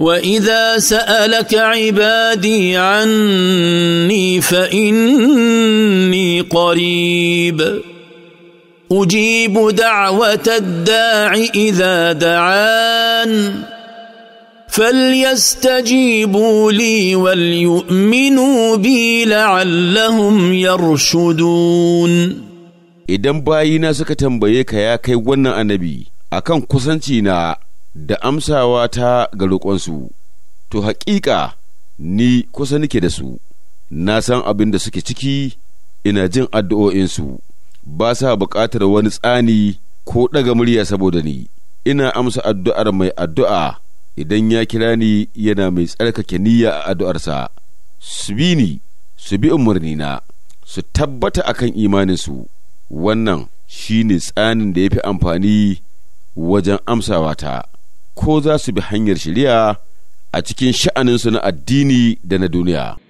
واذا سالك عبادي عني فاني قريب اجيب دعوه الداع اذا دعان فليستجيبوا لي وليؤمنوا بي لعلهم يرشدون idan bayina suka tambaye ka ya kai wannan annabi akan kusanci na da amsawa ta ga roƙonsu, to haƙiƙa ni kusa nike da su, na san abin da suke ciki ina jin addu'o'insu, ba sa buƙatar wani tsani ko ɗaga murya saboda ni, ina amsa addu'ar mai addu'a idan ya kira ni yana mai tsarkake niyya a addu'arsa, su bi ni, su bi umarnina, su tabbata akan imaninsu, wannan shi ne tsanin da ya fi amfani wajen amsawa ta. ko za su bi hanyar shari'a a cikin sha'aninsu na addini da na duniya.